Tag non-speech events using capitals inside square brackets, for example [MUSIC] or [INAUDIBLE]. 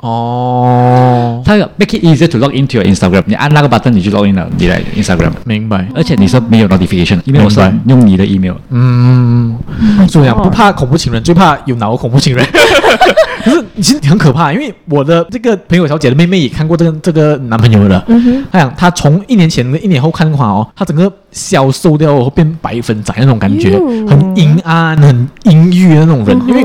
哦，他 make it easier to log into your Instagram。你按那個 button 你就 login 了你哋 Instagram。明白，而且你說沒有 notification，因為我用用你的 email。嗯，所以講不怕恐怖情人，最怕有哪個恐怖情人。哈 [LAUGHS] 哈，可是，其實你很可怕，因為我的這個朋友小姐的妹妹也看過這個這個男朋友的，嗯、她講，佢從一年前一年後看的話，哦，佢整個消瘦掉變白粉仔那種感覺，哦，很陰暗、很陰鬱的那種人，嗯、因為。